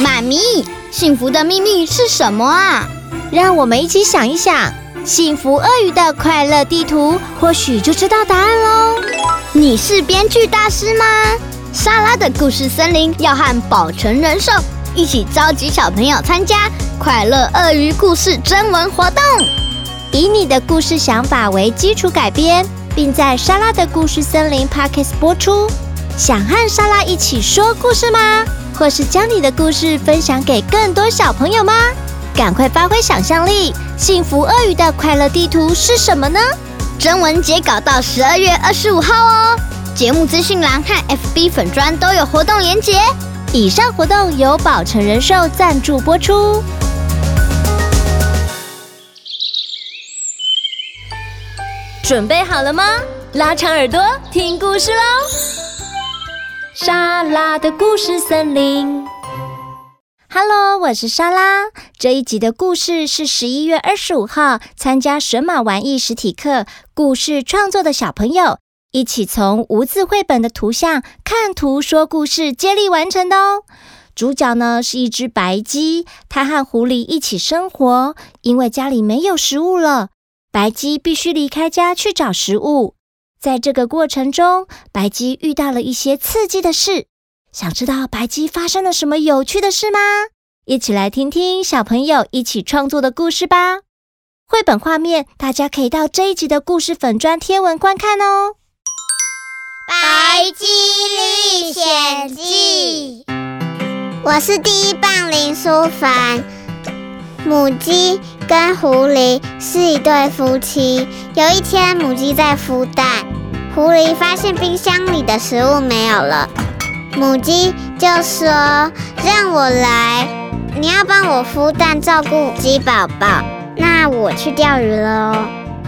媽咪，幸福的祕密是什麼啊？讓我們一起想一想，幸福鱷魚的快樂地圖或許就知道答案嘍。你是編劇大師嗎？莎拉的故事森林要和保誠人壽一起召集小朋友參加快樂鱷魚故事徵文活動，以你的故事想法為基礎改編，並在莎拉的故事森林 Podcast 播出。想和莎拉一起說故事嗎？或是將你的故事分享給更多小朋友嗎？趕快發揮想象力，幸福鱷魚的快樂地圖是什麼呢？徵文截稿到十二月二十五號哦。節目資訊欄和 FB 粉專都有活動連結。以上活動由保誠人壽贊助播出。準備好了嗎？拉長耳朵聽故事嘍！莎拉的故事森林。Hello，我是莎拉。這一集的故事是十一月二十五號參加神馬玩藝實體課故事創作的小朋友一起從無字繪本的圖像看圖說故事接力完成的哦。主角呢是一隻白雞，它和狐狸一起生活，因為家裡沒有食物了，白雞必須離開家去找食物。在這個過程中，白雞遇到了一些刺激的事。想知道白雞發生了什麼有趣的事嗎？一起來聽聽小朋友一起創作的故事吧。繪本畫面大家可以到這一集的故事粉專貼文觀看哦。《白雞歷險記》，我是第一棒林舒凡，母雞。跟狐狸是一對夫妻。有一天，母雞在孵蛋，狐狸發現冰箱裡的食物沒有了，母雞就說：“讓我來，你要幫我孵蛋，照顧雞寶寶。那我去釣魚嘍、哦。”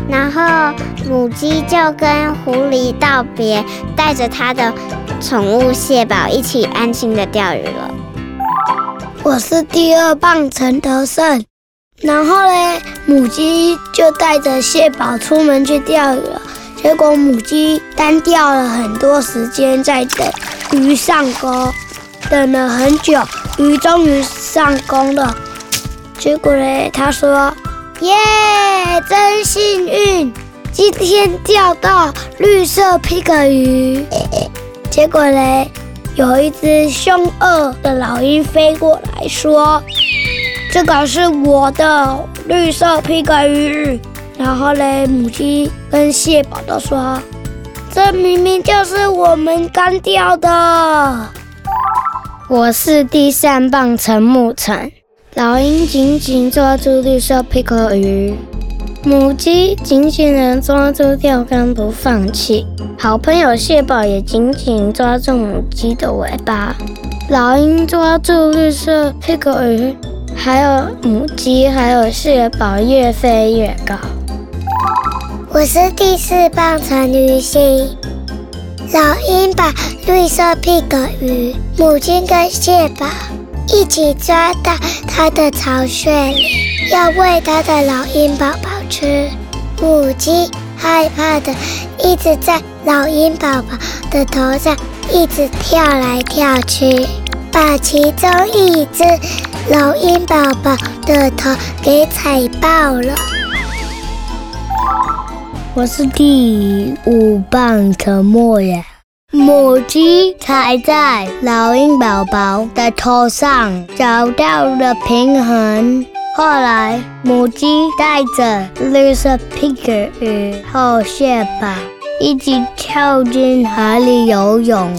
然後母雞就跟狐狸道別，帶着它的寵物蟹寶一起安心的釣魚了。我是第二棒陳得勝。然後嘞，母雞就帶着蟹堡出門去釣魚了。結果母雞單釣了很多時間在等魚上鈎，等了很久，魚終於上鈎了。結果嘞，他說：“耶，真幸運，今天釣到綠色皮克魚。”結果嘞。有一隻兇惡的老鷹飛過來說：“這個是我的綠色皮格魚。”然後嘞，母雞跟蟹寶都說：“這明明就是我們幹掉的。”我是第三棒陳牧岑。老鷹緊緊抓住綠色皮格魚。母雞緊緊的抓住釣竿不放棄，好朋友蟹寶也緊緊抓住母雞的尾巴。老鷹抓住綠色屁股魚，還有母雞，還有蟹寶，越飛越高。我是第四棒陳予希，老鷹把綠色屁股魚、母雞跟蟹寶。一起抓到它的巢穴，要餵它的老鷹寶寶吃。母雞害怕的，一直在老鷹寶寶的頭上一直跳來跳去，把其中一只老鷹寶寶的頭給踩爆了。我是第五棒可，陳牧言。母雞踩在老鷹寶寶的頭上，找到了平衡。後來，母雞帶着綠色皮革與後蟹寶一起跳進海裡游泳。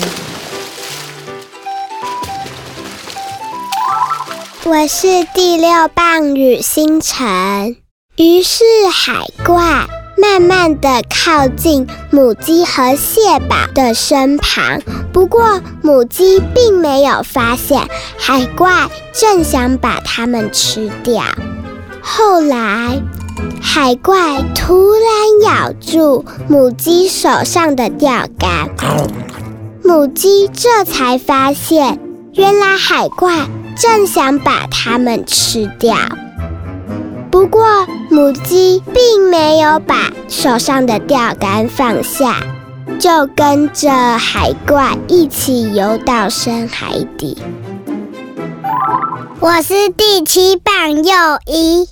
我是第六棒呂欣澂，魚是海怪，慢慢地靠近母雞和蟹寶的身旁，不過母雞並沒有發現海怪正想把它們吃掉。後來，海怪突然咬住母雞手上的釣竿，母雞這才發現，原來海怪正想把它們吃掉。不過，母雞並沒有把手上的釣竿放下，就跟着海怪一起游到深海底。我是第七棒宥伊，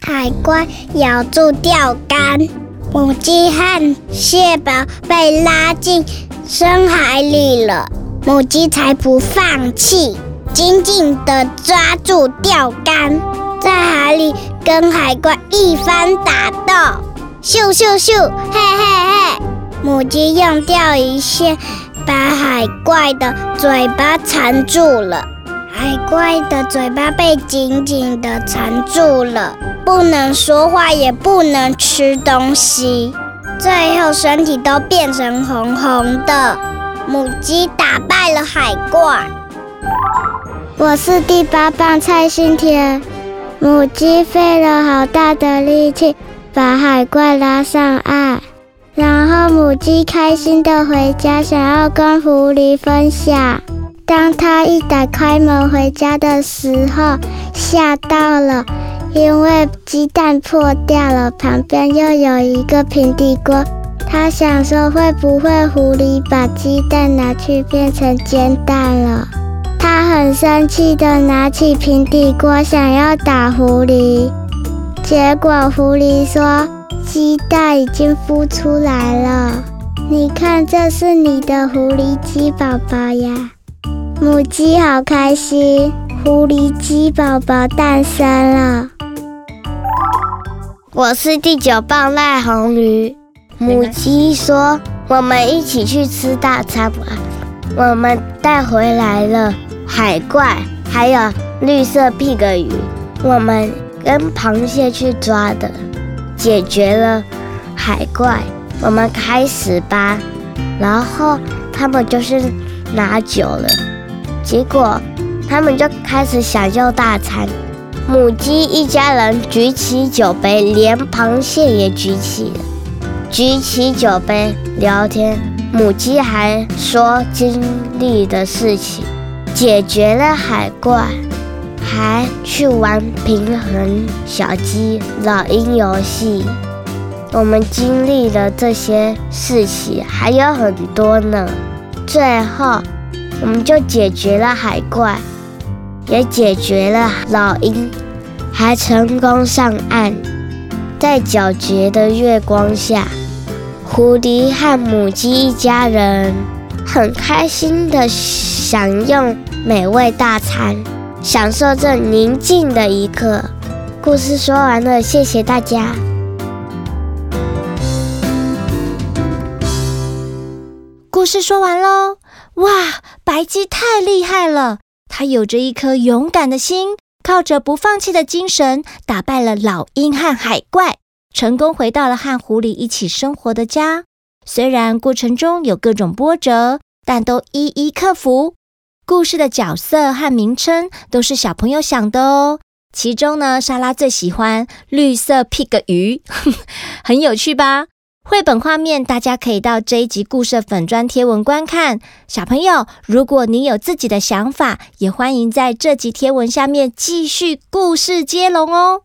海怪咬住釣竿，母雞和蟹堡被拉進深海裡了。母雞才不放棄，緊緊地抓住釣竿。在海裡跟海怪一番打鬥，咻咻咻，嘿嘿嘿！母雞用釣魚線把海怪的嘴巴纏住了，海怪的嘴巴被緊緊的纏住了，不能說話，也不能吃東西，最後身體都變成紅紅的。母雞打敗了海怪。我是第八棒蔡新天蔡忻恬。母雞費了好大的力氣把海怪拉上岸，然後母雞開心地回家，想要跟狐狸分享。當它一打開門回家的時候，嚇到了，因為雞蛋破掉了，旁邊又有一個平底鍋。它想說，會不會狐狸把雞蛋拿去變成煎蛋了？他很生氣的拿起平底鍋，想要打狐狸，結果狐狸說：“雞蛋已經孵出來了，你看，這是你的狐狸雞寶寶呀！”母雞好開心，狐狸雞寶寶誕生了。我是第九棒賴虹妤。母雞說：“我們一起去吃大餐吧，我們帶回來了。”海怪還有綠色屁個魚，我們跟螃蟹去抓的，解決了海怪。我們開始吧，然後他們就是拿酒了，結果他們就開始享受大餐。母雞一家人舉起酒杯，連螃蟹也舉起了，舉起酒杯聊天。母雞還說經歷的事情。解決了海怪，還去玩平衡小雞老鷹遊戲。我們經歷了這些事情，還有很多呢。最後，我們就解決了海怪，也解決了老鷹，還成功上岸。在皎潔的月光下，狐狸和母雞一家人很開心地享用。美味大餐，享受這寧靜的一刻。故事說完了，謝謝大家。故事說完嘍！哇，白雞太厲害了！它有着一顆勇敢的心，靠着不放棄的精神，打敗了老鷹和海怪，成功回到了和狐狸一起生活的家。雖然過程中有各種波折，但都一一克服。故事的角色和名稱都是小朋友想的哦。其中呢，莎拉最喜歡綠色 pig 魚， 很有趣吧？繪本畫面大家可以到這一集故事粉專貼文觀看。小朋友，如果你有自己的想法，也歡迎在這集貼文下面繼續故事接龍哦。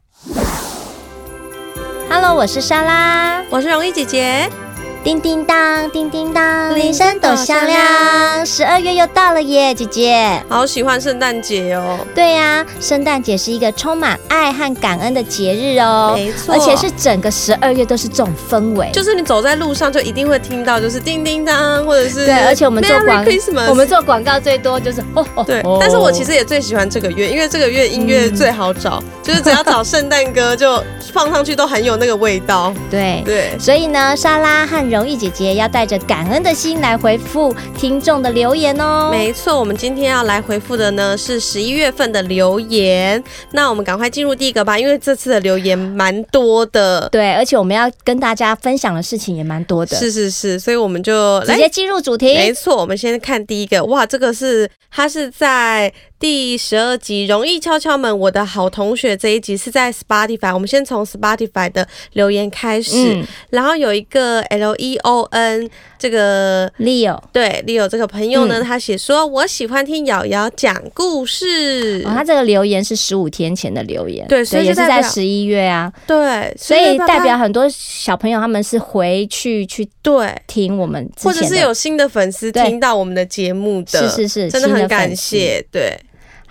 Hello，我是莎拉，我是容易姐姐。叮叮噹，叮叮噹，鈴聲都響亮！十二月又到了耶，姐姐，好喜歡聖誕節哦。對呀、啊，聖誕節是一個充滿愛和感恩的節日哦。沒錯，而且是整個十二月都是這種氛圍，就是你走在路上就一定會聽到，就是叮叮噹，或者是對。而且我們做廣 Merry Christmas，我們做廣告最多就是哦哦對。但是我其實也最喜歡這個月，因為這個月音樂最好找，嗯、就是只要找聖誕歌 就放上去都很有那個味道。對對，對所以呢，沙拉和，容易姐姐要帶着感恩的心來回復聽眾的留言哦。沒錯，我們今天要來回復的呢，是十一月份的留言。那我們趕快進入第一個吧，因為這次的留言蠻多的。對，而且我們要跟大家分享的事情也蠻多的。是是是，所以我們就來直接進入主題。沒錯，我們先看第一個。哇，這個是它，是在第十二集《容易敲敲門》，我的好同學這一集是在 Spotify。我們先從 Spotify 的留言開始，嗯，然後有一個 Le。D O N 這個 Leo 對 Leo 這個朋友呢，嗯、他寫說：“我喜歡聽瑤瑤講故事。哦”他這個留言是十五天前的留言，對，所以就是在十一月啊。對，所以代表很多小朋友他們是回去去對聽我們的對，或者是有新的粉絲聽到我們的節目的，是是是，真的很感謝，對。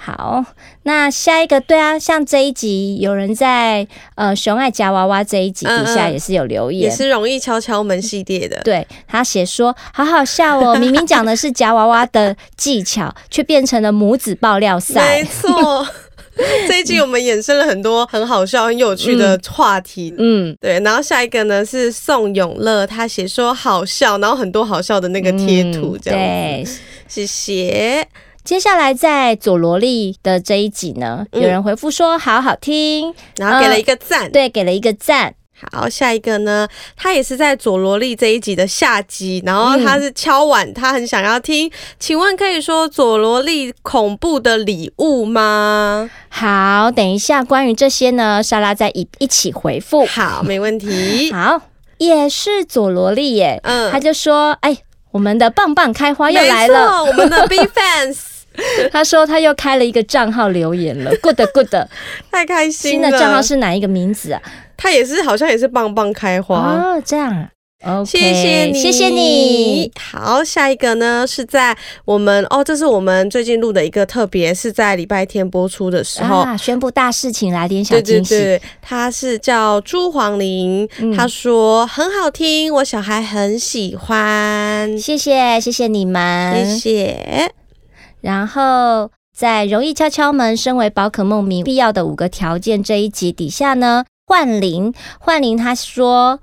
好，那下一個對啊，像這一集有人在呃熊愛夾娃娃這一集底下也是有留言，嗯嗯也是容易敲敲門系列的。對，他寫說好好笑哦， 明明講的是夾娃娃的技巧，卻 變成了母子爆料賽。沒錯， 這一集我們衍生了很多很好笑、很有趣的話題。嗯，對。然後下一個呢是宋永樂，他寫說好笑，然後很多好笑的那個貼圖，這樣。嗯、對，謝謝。接下來在佐羅莉的這一集呢，嗯、有人回復說好好聽，然後給了一個贊、嗯，對，給了一個贊。好，下一個呢，他也是在佐羅莉這一集的下集，然後他是敲碗，他很想要聽，嗯、請問可以說佐羅莉恐怖的禮物嗎？好，等一下關於這些呢，莎拉再一一起回復。好，沒問題。好，也是佐羅莉耶，嗯，他就說，哎、欸，我們的棒棒開花又來了，沒錯，我們的 Big Fans。 他說他又開了一個賬號留言了，good good， 太開心了。新的賬號是哪一個名字啊？他也是好像也是棒棒開花哦，oh, 這樣。OK，謝謝你，謝謝你。好，下一個呢是在我們哦，這是我們最近錄的一個特，特別是在禮拜天播出的時候，啊、宣布大事情，來點小驚喜對對對。他是叫朱黃玲，嗯、他說很好聽，我小孩很喜歡。謝謝，謝謝你們，謝謝。然後在《容易敲敲門》身為寶可夢迷必要的五個條件這一集底下呢，幻靈，幻靈他說：“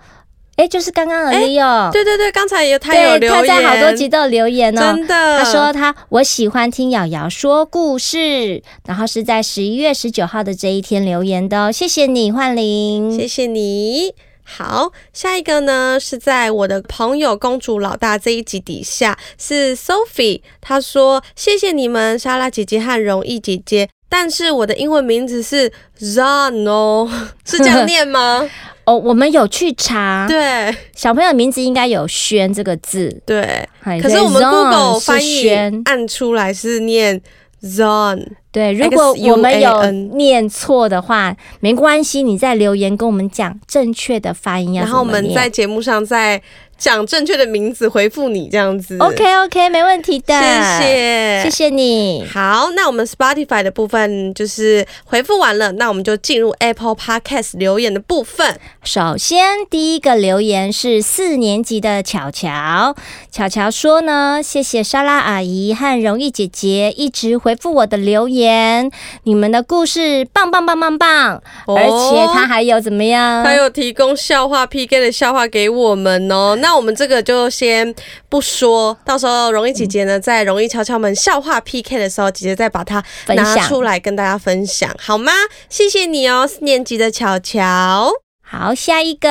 誒，就是剛剛而已哦、欸。對對對，剛才也他有對他在好多集都有留言哦，真的，他說他我喜歡聽瑤瑤說故事，然後是在十一月十九號的這一天留言的哦，謝謝你，幻靈，謝謝你。”好，下一個呢，是在我的朋友公主老大這一集底下是 Sophie，她說，謝謝你們莎拉姐姐和容易姐姐，但是我的英文名字是 Zan 哦，是這樣念嗎？ 哦，我們有去查，對，小朋友名字應該有“軒”這個字，對，可是我們 Google 翻譯按出來是念，Zone，對，如果我們有念錯的話，n，沒關係，你再留言跟我們講正確的發音要怎麼，然後我們在節目上再。講正確的名字回覆你這樣子，OK OK 沒問題的，謝謝謝謝你。好，那我們 Spotify 的部分就是回覆完了，那我們就進入 Apple Podcast 留言的部分。首先第一個留言是四年級的巧巧，巧巧說呢，謝謝莎拉阿姨和榮毅姐姐一直回覆我的留言，你們的故事棒棒棒棒棒,棒，哦，而且他還有怎麼樣？他有提供笑話 PK 的笑話給我們哦，那。那我們這個就先不說，到時候容易姐姐呢，在容易悄悄們笑話 PK 的時候，姐姐再把它拿出來跟大家分享，分享好嗎？謝謝你哦，四年級的巧巧。好，下一個，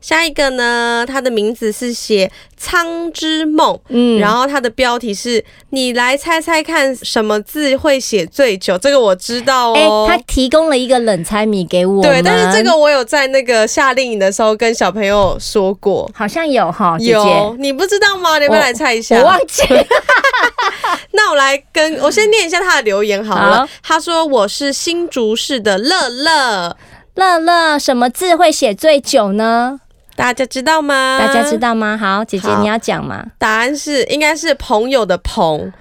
下一個呢？他的名字是寫《蒼之夢》，嗯，然後他的標題是“你來猜猜看什麼字會寫最久”，這個我知道哦。欸、他提供了一個冷猜謎給我，對，但是這個我有在那個夏令營的時候跟小朋友說過，好像有哈、哦，姐姐有，你不知道嗎？你要不要來猜一下，我，我忘記了。 那我來跟我先念一下他的留言好了。好，他說：“我是新竹市的樂樂。”樂樂，什麼字會寫最久呢？大家知道嗎？大家知道嗎？好，姐姐，好你要講嗎？答案是，應該是朋友的朋。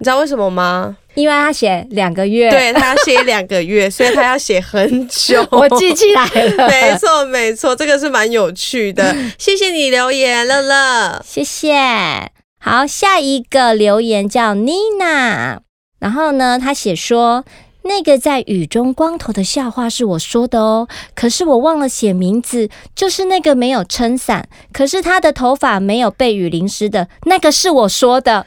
你知道為什麼嗎？因為他寫兩個月，對，他要寫兩個月， 所以他要寫很久。 我記起來了，沒錯，沒錯，這個是蠻有趣的。謝謝你留言，樂樂 樂，謝謝。好，下一個留言叫妮娜，然後呢，他寫說。那個在雨中光頭的笑話是我說的哦，可是我忘了寫名字，就是那個沒有撐傘，可是他的頭髮沒有被雨淋濕的，那個是我說的。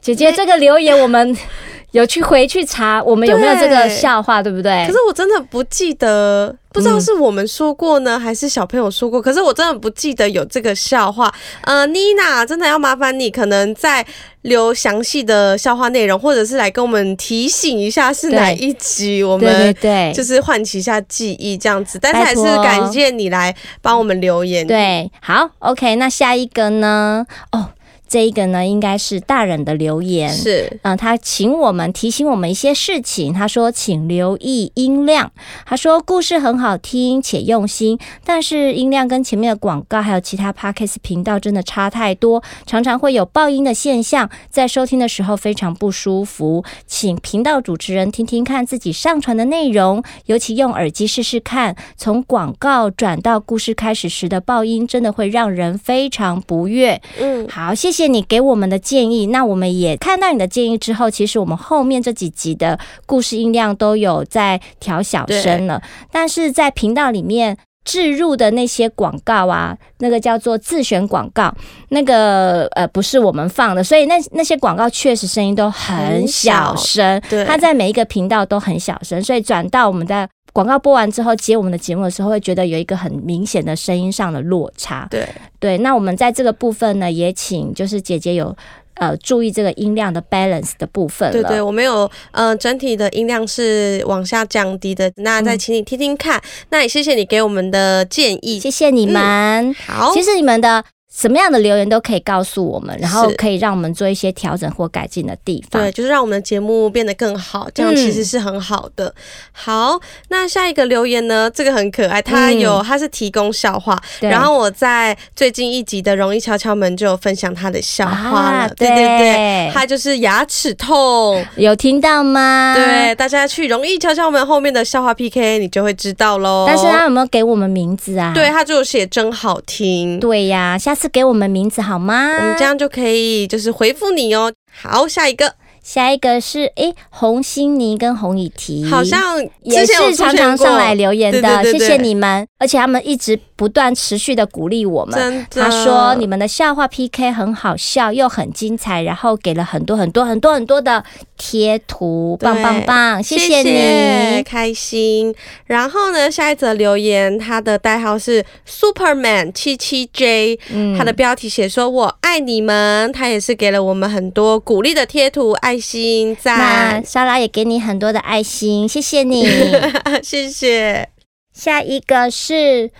姐姐，這個留言我們。 有去回去查我們有沒有這個笑話對，對不對？可是我真的不記得，不知道是我們說過呢，嗯、還是小朋友說過。可是我真的不記得有這個笑話。呃，妮娜真的要麻煩你，可能再留詳細的笑話內容，或者是來跟我們提醒一下是哪一集，我們對就是喚起一下記憶這樣子。對對對對但是還是感謝你來幫我們留言。拜託對，好，OK。那下一個呢？哦。這一個呢，應該是大人的留言。是，嗯、呃，他請我們提醒我們一些事情。他說，請留意音量。他說，故事很好聽且用心，但是音量跟前面的廣告還有其他 Podcast 頻道真的差太多，常常會有爆音的現象，在收聽的時候非常不舒服。請頻道主持人聽聽看自己上傳的內容，尤其用耳機試試看。從廣告轉到故事開始時的爆音，真的會讓人非常不悅。嗯，好，謝謝。你給我們的建議，那我們也看到你的建議之後，其實我們後面這幾集的故事音量都有在調小聲了。對但是在頻道裡面置入的那些廣告啊，那個叫做自選廣告，那個呃不是我們放的，所以那那些廣告確實聲音都很小聲，小，對，它在每一個頻道都很小聲，所以轉到我們的。廣告播完之後接我們的節目的時候，會覺得有一個很明顯的聲音上的落差。對。對對，那我們在這個部分呢，也請就是姐姐有呃注意這個音量的 balance 的部分。對對，我們有，呃整體的音量是往下降低的。那再請你聽聽看，嗯、那也謝謝你給我們的建議。謝謝你們，嗯、好，其實你們的。什麼樣的留言都可以告訴我們，然後可以讓我們做一些調整或改進的地方。對，就是讓我們的節目變得更好，這樣其實是很好的。嗯、好，那下一個留言呢？這個很可愛，它有，嗯、它是提供笑話。對然後我在最近一集的《容易敲敲門》就分享他的笑話了。啊、對對對，他對就是牙齒痛，有聽到嗎？對，大家去《容易敲敲門》後面的笑話 PK，你就會知道嘍。但是他有沒有給我們名字啊？對，他就寫真好聽。對呀，下次。給我們名字好嗎？我們、嗯、這樣就可以，就是回復你哦。好，下一個，下一個是誒，紅心妮跟紅雨提，好像也是常常上來留言的，對對對對對，謝謝你們，而且他們一直。不斷持續的鼓勵我們，他的說你們的笑話 PK 很好笑又很精彩，然後給了很多很多很多很多的貼圖，棒對棒棒，謝謝你謝謝，開心。然後呢，下一則留言，他的代號是 Superman 七七 J，他、嗯、的標題寫說我愛你們，他也是給了我們很多鼓勵的貼圖，愛心贊。那莎拉也給你很多的愛心，謝謝你， 謝謝。下一個是。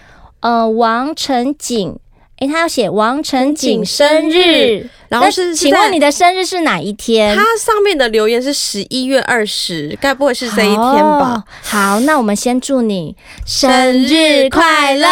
呃，王成景。欸，他要寫王晨錦生日，然後是請問你的生日是哪一天？他上面的留言是十一月二十，該不會是這一天吧？好，好，那我們先祝你生日快樂，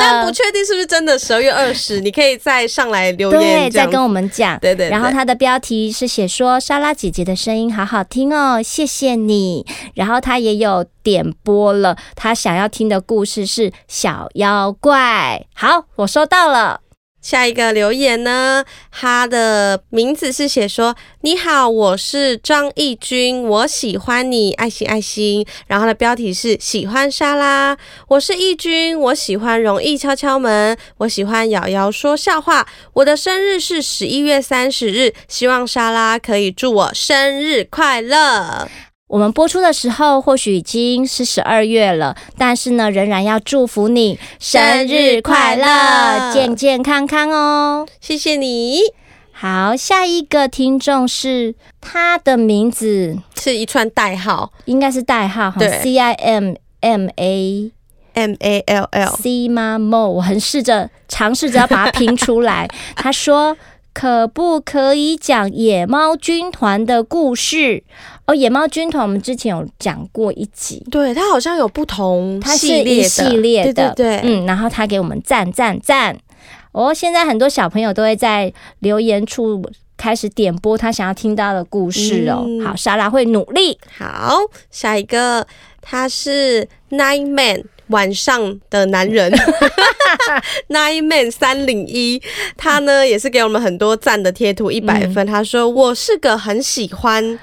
但不確定是不是真的十二月二十，你可以再上來留言，對，再跟我們講。對，對對。然後他的標題是寫說莎拉姐姐的聲音好好聽哦，謝謝你。然後他也有點播了，他想要聽的故事是小妖怪。好，我收到了。下一個留言呢？他的名字是寫說：“你好，我是張義君，我喜歡你，愛心愛心。”然後的標題是“喜歡沙拉”。我是義君，我喜歡容易敲敲門，我喜歡瑤瑤說笑話。我的生日是十一月三十日，希望沙拉可以祝我生日快樂。我們播出的時候或許已經是十二月了，但是呢，仍然要祝福你生日快樂，健健康康哦！謝謝你。好，下一個聽眾是，他的名字是一串代號，應該是代號哈。對，C I M M A M A L L C M A M O，我很試着嘗試着要把它拼出來。 他說。可不可以講野貓軍團的故事？哦，野貓軍團，我們之前有講過一集，對，它好像有不同系列的，系列的，列的，對，對，對，對，嗯，然後他給我們讚讚讚。哦，現在很多小朋友都會在留言處開始點播他想要聽到的故事哦。嗯，好，莎拉會努力。好，下一個他是 Nightman。晚上的男人，Nightman 三零一，他呢也是給我們很多讚的貼圖一百分。他說我是個很喜歡，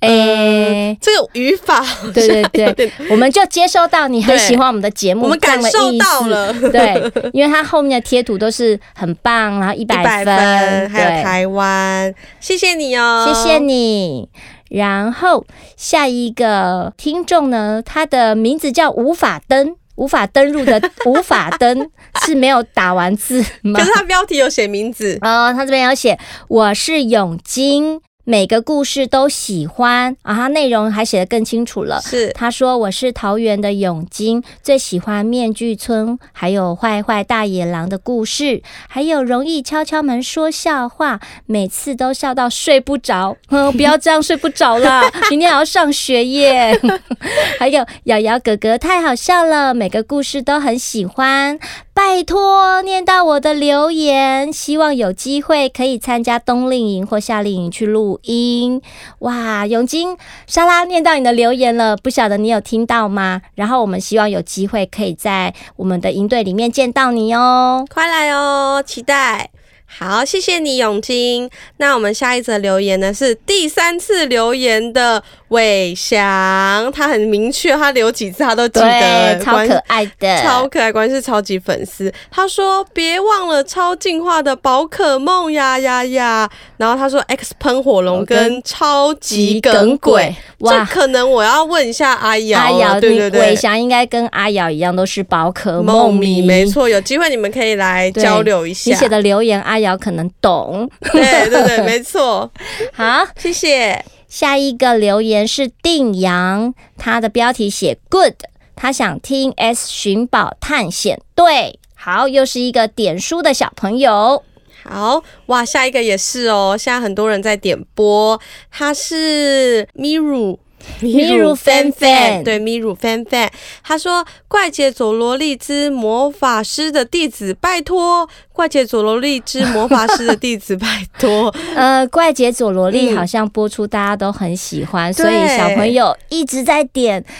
誒，這個語法對對對，我們就接收到你很喜歡我們的節目，我們感受到了。對，因為他後面的貼圖都是很棒，然後一百分，還有台灣，謝謝你哦，謝謝你。然後下一個聽眾呢，他的名字叫無法登，無法登入的無法登 是沒有打完字嗎？可是他標題有寫名字啊。哦，他這邊有寫我是永金。每個故事都喜歡，啊，他內容還寫得更清楚了。是，他說我是桃園的永金，最喜歡面具村，還有壞壞大野狼的故事，還有容易敲敲門說笑話，每次都笑到睡不着。哼，不要這樣睡不着啦，明 天還要上學耶。 還有瑤瑤哥哥太好笑了，每個故事都很喜歡，拜託念到我的留言，希望有機會可以參加冬令營或夏令營去錄。音哇，永金、莎拉念到你的留言了，不曉得你有聽到嗎？然後我們希望有機會可以在我們的營隊裡面見到你哦，快來哦，期待。好，謝謝你，永金。那我們下一則留言呢？是第三次留言的。偉翔，他很明確，他留幾次他都記得。對，超可愛的，超可愛關，關鍵是超級粉絲。他說：“別忘了超進化的寶可夢呀呀呀！”然後他說：“X 噴火龍跟超級耿鬼。鬼”哇，這可能我要問一下阿瑤，阿瑤妖，對對對，偉翔應該跟阿瑤一樣都是寶可夢迷。迷，沒錯。有機會你們可以來交流一下。你寫的留言，阿瑤可能懂。對對對，沒錯。 好， 謝謝。下一個留言是定陽，他的標題寫 “good”，他想聽《S 尋寶探險隊》，對。好，又是一個點書的小朋友。好哇，下一個也是哦。現在很多人在點播，他是 Miru。米魯 fan fan，對米魯 fan fan，他說：“怪傑佐羅力之魔法師的弟子，拜托，怪傑佐羅力之魔法師的弟子， 拜托。”呃，怪傑佐羅力好像播出，大家都很喜歡，嗯、所以小朋友一直在點對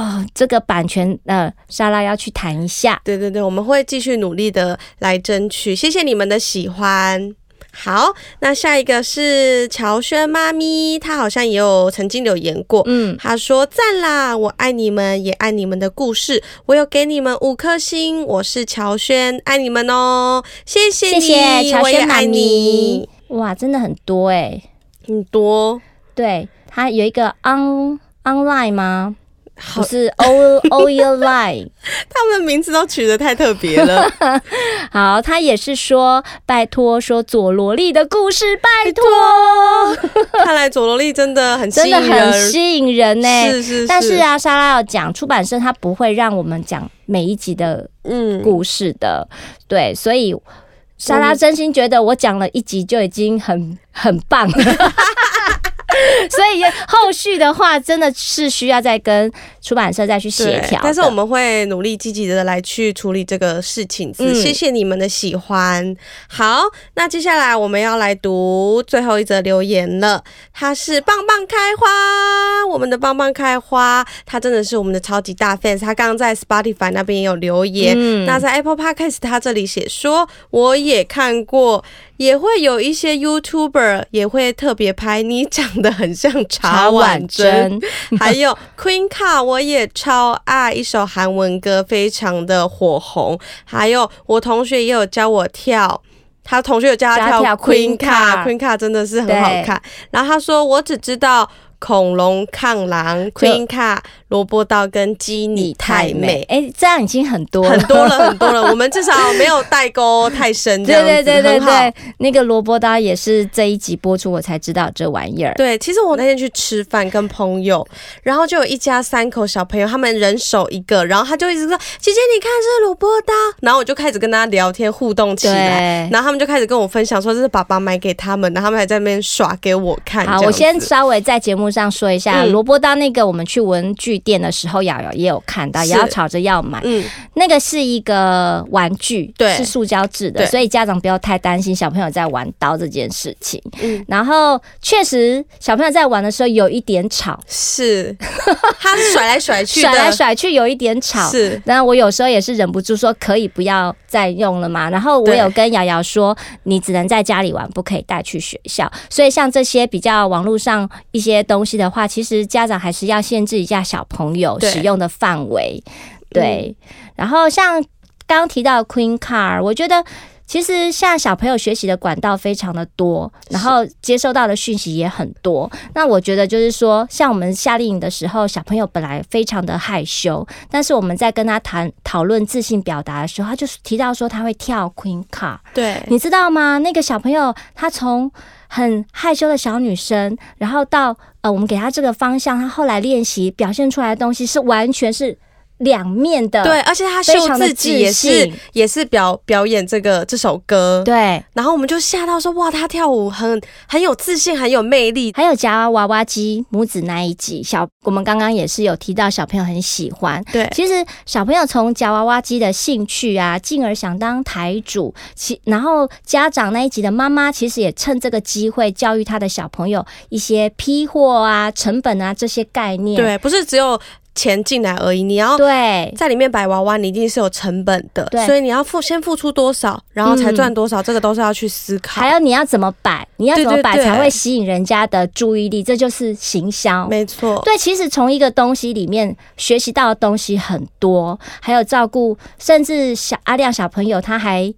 哦，這個版權，呃，沙拉要去談一下。對對對，我們會繼續努力的來爭取。謝謝你們的喜歡。好，那下一個是喬軒媽咪，她好像也有曾經留言過，嗯，她說讚啦，我愛你們，也愛你們的故事，我有給你們五顆星，我是喬軒，愛你們哦，謝謝你，謝謝喬軒媽咪。我也愛你。哇，真的很多欸，很多，對，他有一個 on online 嗎？好，不是 O O r l i f e 他們的名字都取得太特別了。 好，他也是說拜託，說佐羅力的故事拜託。看來佐羅力真的很真的很吸引人呢。很吸引人欸，是是是，但是啊，莎拉要講出版社，他不會讓我們講每一集的嗯故事的。嗯，對，所以莎拉真心覺得我講了一集就已經很很棒了。 所以後續的話，真的是需要再跟出版社再去協調。但是我們會努力積極的來去處理這個事情。嗯、謝謝你們的喜歡。好，那接下來我們要來讀最後一則留言了。它是棒棒開花，我們的棒棒開花，它真的是我們的超級大 fans。他剛剛在 Spotify 那邊也有留言，嗯、那在 Apple Podcast 他這裡寫說，我也看過。也會有一些 YouTuber 也會特別拍你長得很像茶碗蒸。碗 還有 Queencard，我也超愛一首韓文歌，非常的火紅。還有我同學也有教我跳，他同學有教他跳 Queencard，Queencard，真的是很好看。對然後他說我只知道恐龍抗狼就 Queencard。蘿蔔刀跟雞你太美，哎、欸，這樣已經很多了 很多了，很多了。我們至少沒有代溝太深這樣。 對，對對對對對。好那個蘿蔔刀也是這一集播出我才知道這玩意兒。對，其實我那天去吃飯跟朋友，然後就有一家三口小朋友，他們人手一個，然後他就一直說：“姐姐，你看這蘿蔔刀。”然後我就開始跟大家聊天互動起來，對然後他們就開始跟我分享說這是爸爸買給他們的，然後他們還在那邊耍給我看。好，我先稍微在節目上說一下嗯、蘿蔔刀那個，我們去文具。店的時候，瑤瑤也有看到，也要吵着要買。嗯，那個是一個玩具，對，是塑膠製的，對所以家長不要太擔心小朋友在玩刀這件事情。嗯，然後確實小朋友在玩的時候有一點吵，是，他甩來甩去， 甩來甩去有一點吵。是，那我有時候也是忍不住說，可以不要再用了嘛？然後我有跟瑤瑤說，你只能在家裡玩，不可以帶去學校。所以像這些比較網絡上一些東西的話，其實家長還是要限制一下小。朋友使用的範圍，對，嗯、對。然後像剛提到 Queen Card，我覺得其實像小朋友學習的管道非常的多，然後接收到的訊息也很多。是，那我覺得就是說，像我們夏令營的時候，小朋友本來非常的害羞，但是我們在跟他談討論自信表達的時候，他就是提到說他會跳 Queen Card。對，你知道嗎？那個小朋友他從很害羞的小女生，然後到。我們給他這個方向，他後來練習表現出來的東西是完全是兩面的對，而且他秀自己也是也是表表演這個這首歌，對，然後我們就嚇到說哇，他跳舞很很有自信，很有魅力。還有夾娃娃機母子那一集小，我們剛剛也是有提到小朋友很喜歡對，其實小朋友從夾娃娃機的興趣啊，進而想當台主，其然後家長那一集的媽媽其實也趁這個機會教育他的小朋友一些批貨啊、成本啊這些概念，對，不是只有。錢進來而已，你要對在裡面擺娃娃，你一定是有成本的，對所以你要付先付出多少，然後才賺多少，嗯、這個都是要去思考。還有你要怎麼擺，你要怎麼擺才會吸引人家的注意力，對對對，這就是行銷。沒錯錯，對，其實從一個東西裡面學習到的東西很多，還有照顧，甚至小阿亮小朋友他還。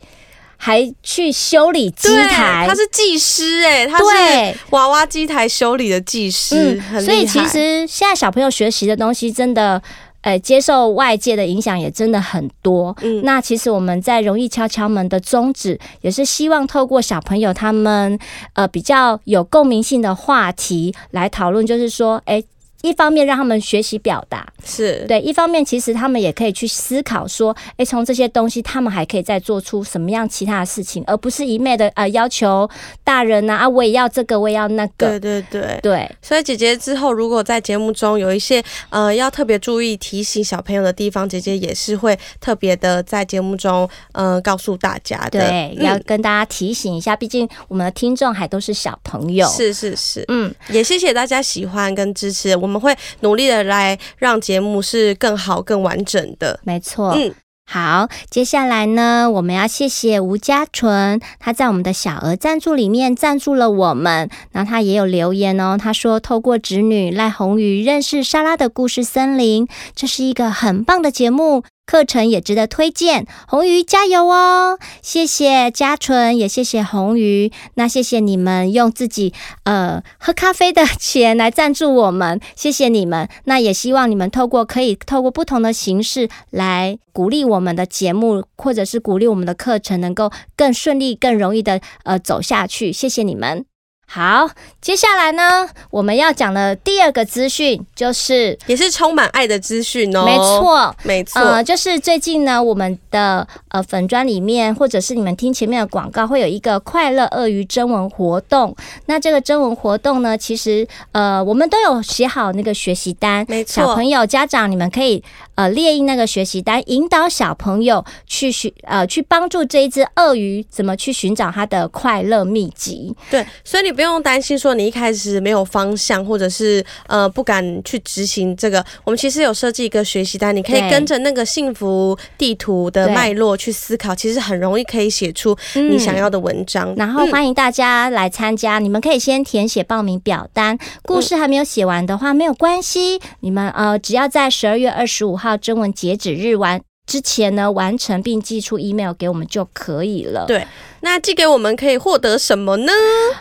還去修理機台，他是技師哎、欸，他是娃娃機台修理的技師，嗯、很厲害。所以其實現在小朋友學習的東西，真的、欸，接受外界的影響也真的很多。嗯、那其實我們在《容易敲敲門》的宗旨也是希望透過小朋友他們呃比較有共鳴性的話題來討論，就是說，誒、欸一方面讓他們學習表達，是，對，一方面，其實他們也可以去思考說，哎、欸，從這些東西，他們還可以再做出什麼樣其他的事情，而不是一味的呃要求大人啊，啊，我也要這個，我也要那個。對對對對。對，所以姐姐之後如果在節目中有一些呃要特別注意、提醒小朋友的地方，姐姐也是會特別的在節目中嗯、呃、告訴大家。對，要跟大家提醒一下，畢、嗯、竟我們的聽眾還都是小朋友。是是是，嗯，也謝謝大家喜歡跟支持我。我們會努力的來讓節目是更好、更完整的。沒錯，嗯，好，接下來呢，我們要謝謝吳家純，他在我們的小額贊助裡面贊助了我們。那他也有留言哦，他說：“透過侄女賴虹妤認識莎拉的故事森林，這是一個很棒的節目。”課程也值得推薦，紅魚加油哦！謝謝佳純，也謝謝紅魚，那謝謝你們用自己呃喝咖啡的錢來贊助我們，謝謝你們。那也希望你們透過可以透過不同的形式來鼓勵我們的節目，或者是鼓勵我們的課程，能夠更順利、更容易的呃走下去。謝謝你們。好，接下來呢，我們要講的第二個資訊就是，也是充滿愛的資訊哦。No, 沒錯錯，沒錯錯，呃，就是最近呢，我們的呃粉專裡面，或者是你們聽前面的廣告，會有一個快樂鱷魚徵文活動。那這個徵文活動呢，其實呃，我們都有寫好那個學習單，沒錯錯，小朋友家長你們可以呃列印那個學習單，引導小朋友去尋呃去幫助這一隻鱷魚，怎麼去尋找它的快樂秘籍？對，所以你。不用擔心，說你一開始沒有方向，或者是呃不敢去執行這個。我們其實有設計一個學習單，你可以跟着那個幸福地圖的脈絡去思考，對其實很容易可以寫出你想要的文章。嗯、然後歡迎大家來參加，嗯、你們可以先填寫報名表單。故事還沒有寫完的話，嗯、沒有關係，你們呃只要在十二月二十五號徵文截止日完。之前呢，完成並寄出 email 給我們就可以了。對，那寄給我們可以獲得什麼呢？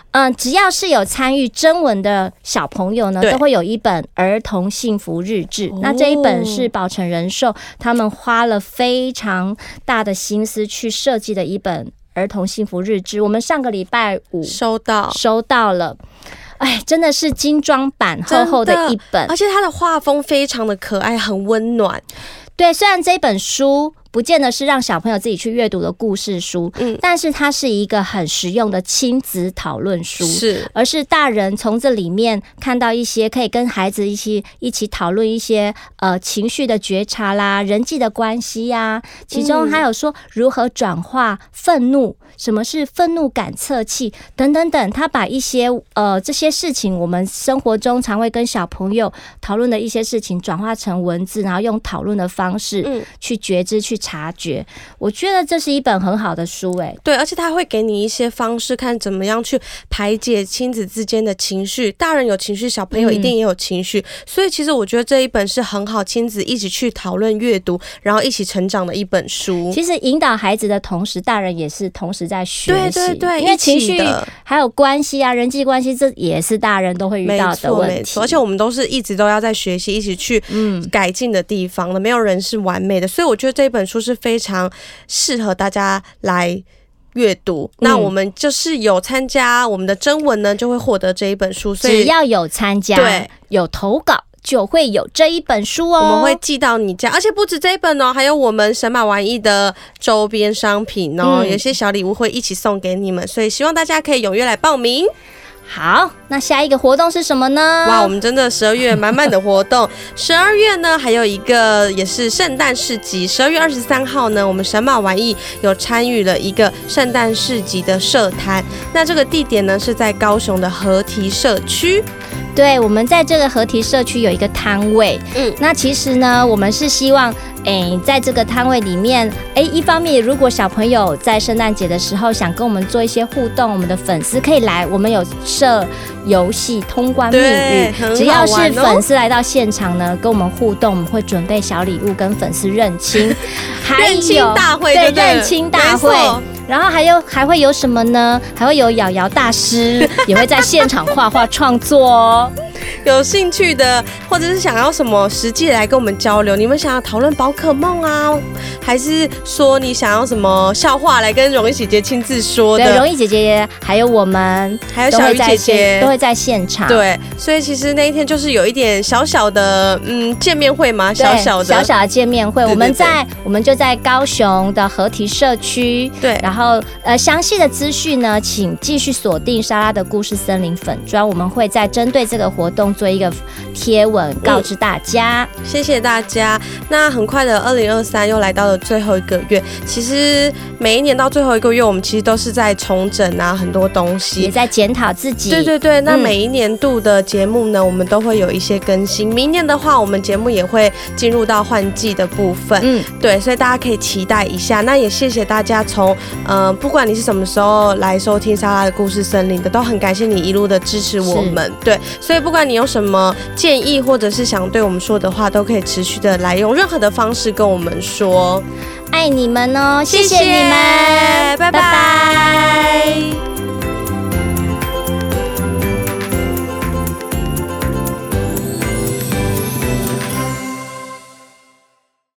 嗯，只要是有參與徵文的小朋友呢，對都會有一本兒童幸福日誌。對那這一本是保誠人壽、哦、他們花了非常大的心思去設計的一本兒童幸福日誌。我們上個禮拜五收到收到了，哎，真的是精裝版厚厚的一本，而且它的畫風非常的可愛，很溫暖。對，雖然這本書不見得是讓小朋友自己去閱讀的故事書，嗯，但是它是一個很實用的親子討論書，是，而是大人從這裡面看到一些可以跟孩子一起一起討論一些呃情緒的覺察啦，人際的關係呀、啊，其中還有說如何轉化憤怒。嗯嗯什麼是憤怒感測器等等等，他把一些呃這些事情，我們生活中常會跟小朋友討論的一些事情，轉化成文字，然後用討論的方式，去覺知、嗯、去察覺。我覺得這是一本很好的書、欸，哎，對，而且他會給你一些方式，看怎麼樣去排解親子之間的情緒。大人有情緒，小朋友一定也有情緒，嗯、所以其實我覺得這一本是很好，親子一起去討論、閱讀，然後一起成長的一本書。其實引導孩子的同時，大人也是同時。在學習，對對對，因為情緒還有關係啊，人際關係，這也是大人都會遇到的問題。沒錯，沒錯，而且我們都是一直都要在學習，一起去嗯改進的地方的，嗯、沒有人是完美的。所以我覺得這一本書是非常適合大家來閱讀。嗯、那我們就是有參加我們的徵文呢，就會獲得這一本書。所以只要有參加，對有投稿。就會有這一本書哦，我們會寄到你家，而且不止這一本哦，還有我們神馬玩藝的周邊商品哦，嗯、有些小禮物會一起送給你們，所以希望大家可以踴躍來報名。好，那下一個活動是什麼呢？哇，我們真的十二月滿滿的活動，十二 月呢還有一個也是聖誕市集，十二月二十三號呢，我們神馬玩藝有參與了一個聖誕市集的設攤。那這個地點呢是在高雄的合體社區。對，我們在這個合體社區有一個攤位。嗯，那其實呢，我們是希望，誒，在這個攤位裡面誒，一方面如果小朋友在聖誕節的時候想跟我們做一些互動，我們的粉絲可以來，我們有設遊戲通關密語，哦，只要是粉絲來到現場呢，跟我們互動，我們會準備小禮物跟粉絲認親，還有，大會，對，認親大會。然後還有還會有什麼呢？還會有瑤瑤大師也會在現場畫畫創作哦。有興趣的，或者是想要什麼實際來跟我們交流？你們想要討論寶可夢啊，還是說你想要什麼笑話來跟容易姐姐親自說的？對，容易姐姐還有我們，還有小魚姐姐都會在現場。對，所以其實那一天就是有一點小小的嗯見面會嘛，小小的小小的見面會。對對對，我們在我們就在高雄的合體社區。對，然後呃詳細的資訊呢，請繼續鎖定莎拉的故事森林粉專，我們會再針對這個活動。做一個貼文告知大家，嗯，謝謝大家。那很快的，二零二三又來到了最後一個月。其實每一年到最後一個月，我們其實都是在重整啊，很多東西也在檢討自己。對對對。那每一年度的節目呢，嗯、我們都會有一些更新。明年的話，我們節目也會進入到換季的部分。嗯，對，所以大家可以期待一下。那也謝謝大家從，從、呃、嗯，不管你是什麼時候來收聽《莎拉的故事森林》的，都很感謝你一路的支持。我們是對，所以不管你。有什麼建議或者是想對我們說的話，都可以持續的來用任何的方式跟我們說，愛你們哦，謝謝，謝謝你們，拜拜。拜拜。